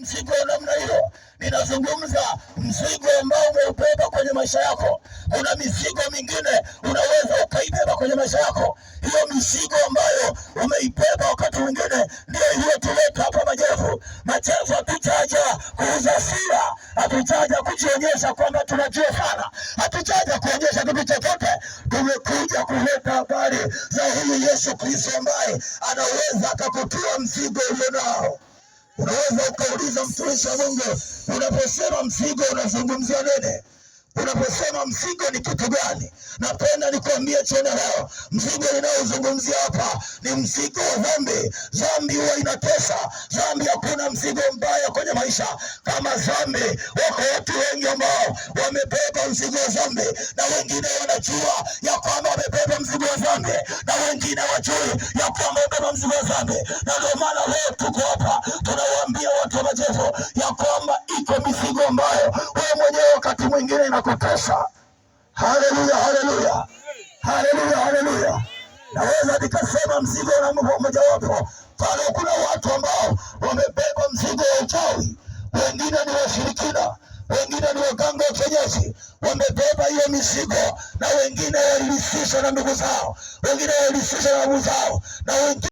mzigo wa namna hiyo. Ninazungumza mzigo ambao umeubeba kwenye maisha yako. Kuna mizigo mingine unaweza ukaibeba kwenye maisha yako. Hiyo mizigo ambayo umeibeba wakati mwingine ndio iliyotuleta hapa majevu. Majevu hatujaja kuuza sira hatujaja kujionyesha kwamba tunajua sana, hatujaja kuonyesha kitu chochote. Tumekuja kuleta habari za huyu Yesu Kristo ambaye anaweza akakutua mzigo nao. Unaweza ukauliza mtumishi wa Mungu, unaposema mzigo unazungumzia nini? Unaposema mzigo ni kitu gani? Napenda nikuambie chena leo, mzigo ninaozungumzia hapa ni mzigo wa dhambi. Dhambi huwa inatesa. Dhambi, hakuna mzigo mbaya kwenye maisha kama dhambi. Wako watu wengi ambao wamebeba mzigo wa dhambi, na wengine wanajua ya kwamba umebeba mzigo wa dhambi na wengine wajui ya kwamba umebeba mzigo wa dhambi, na ndio maana leo tuko hapa tunawaambia watu wa majevo ya kwamba iko mizigo ambayo wewe mwenyewe wakati mwingine inakutesha. Haleluya, haleluya, haleluya, haleluya. Naweza nikasema mzigo na mojawapo pale, kuna watu ambao wamebeba mzigo wa uchawi, wengine ni washirikina, wengine ni waganga wa kienyeji, wamebeba hiyo mizigo, na wengine wairithishwa na ndugu zao, wengine wairithishwa na babu zao, na wengine